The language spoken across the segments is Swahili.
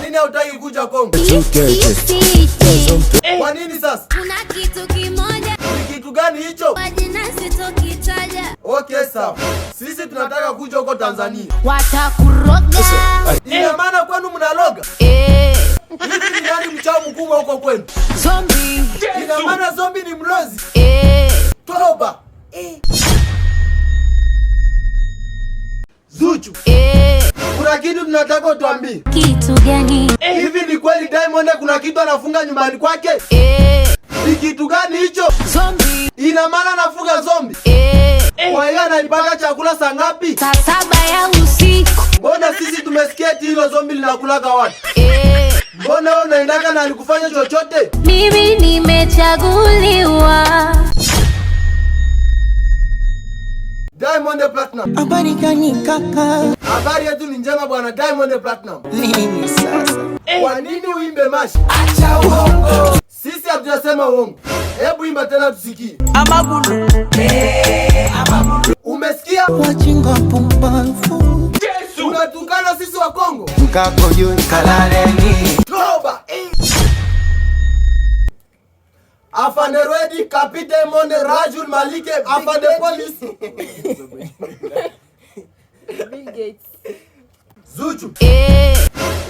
Kwa nini hautaki kuja Kongo? Kwa nini sasa? Kuna kitu kimoja. Kitu gani hicho? Okay, sawa. Sisi tunataka kuja huko Tanzania. Watakuroga. Ina eh. maana kwenu mnaloga? Eh. Hivi ni nani mchao mkubwa huko kwenu? Zombie. Ina maana zombie ni mlozi? Eh. Toba. Eh. kuna kitu tunataka tuambie. Kitu gani? Eh, hivi ni kweli Diamond kuna kitu anafunga nyumbani kwake? Eh. Ni kitu gani hicho? Zombie. Ina maana anafunga zombie? Eh. Kwa hiyo anaipaka chakula saa ngapi? Saa saba ya usiku. Mbona sisi tumesikia eti hilo zombie linakulaga watu? Eh. Mbona wewe unaendaka na alikufanya chochote? Mimi nimechaguliwa Diamond Platinum. Habari gani kaka? Habari yetu ni njema bwana Diamond Platinum. Nini sasa? Kwa nini uimbe mashi? Acha uongo. Sisi hatujasema uongo. Hebu imba tena tusikie. Amabulu. Eh, amabulu. Umesikia? Wachinga pumbavu. Yesu. Unatukana sisi wa Kongo. Mkako Mkakojo kalaleni. afande redi kapite monde rajul malike afande polisi Bill Gates. Zuchu. Eh.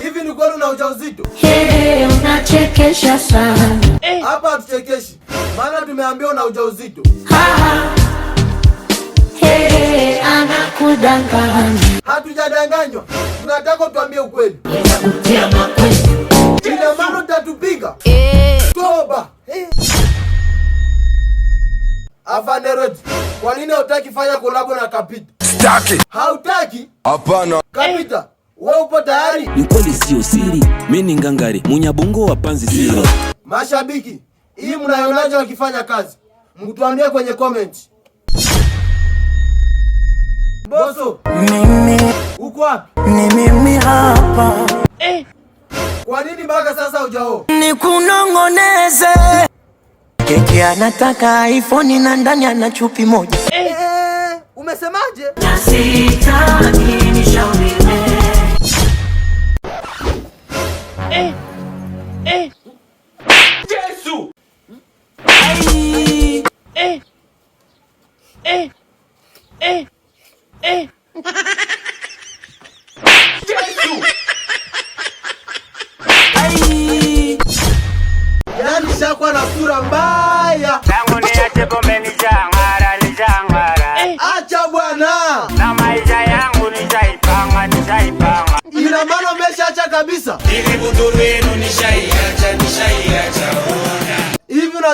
Hivi ni kweli una ujauzito? Eh, unachekesha sana. Eh. Hapa hatuchekeshi. Maana tumeambiwa una ujauzito. Eh, anakudanganya. Hatujadanganywa. Tunataka tuambie ukweli. Yes, Afande Road. Kwa nini hutaki fanya kolabo na Kapita? Sitaki. Hautaki? Hapana. Kapita. Wewe upo tayari? Ni kweli sio siri. Mimi ni ngangari. Munyabongo wa panzi siri. Mashabiki, hii mnaionaje wakifanya kazi? Mtuambie kwenye comment. Boso. Mimi. Uko wapi? Ni mimi hapa. Eh. Kwa nini mpaka sasa hujao? Nikunongoneze. Keki anataka iPhone na ndani ana chupi moja. Eh, umesemaje? Nasitaki nishauri Eh. Eh. Yesu. Ai. Eh. Eh. Eh. Eh. eh.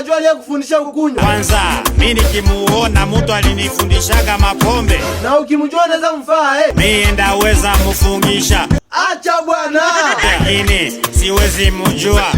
unajua aliyekufundisha kukunywa? Kwanza mimi nikimuona mtu alinifundishaga mapombe, na ukimjua unaweza mfaa eh, mimi ndaweza mfungisha. Acha bwana, lakini siwezi mjua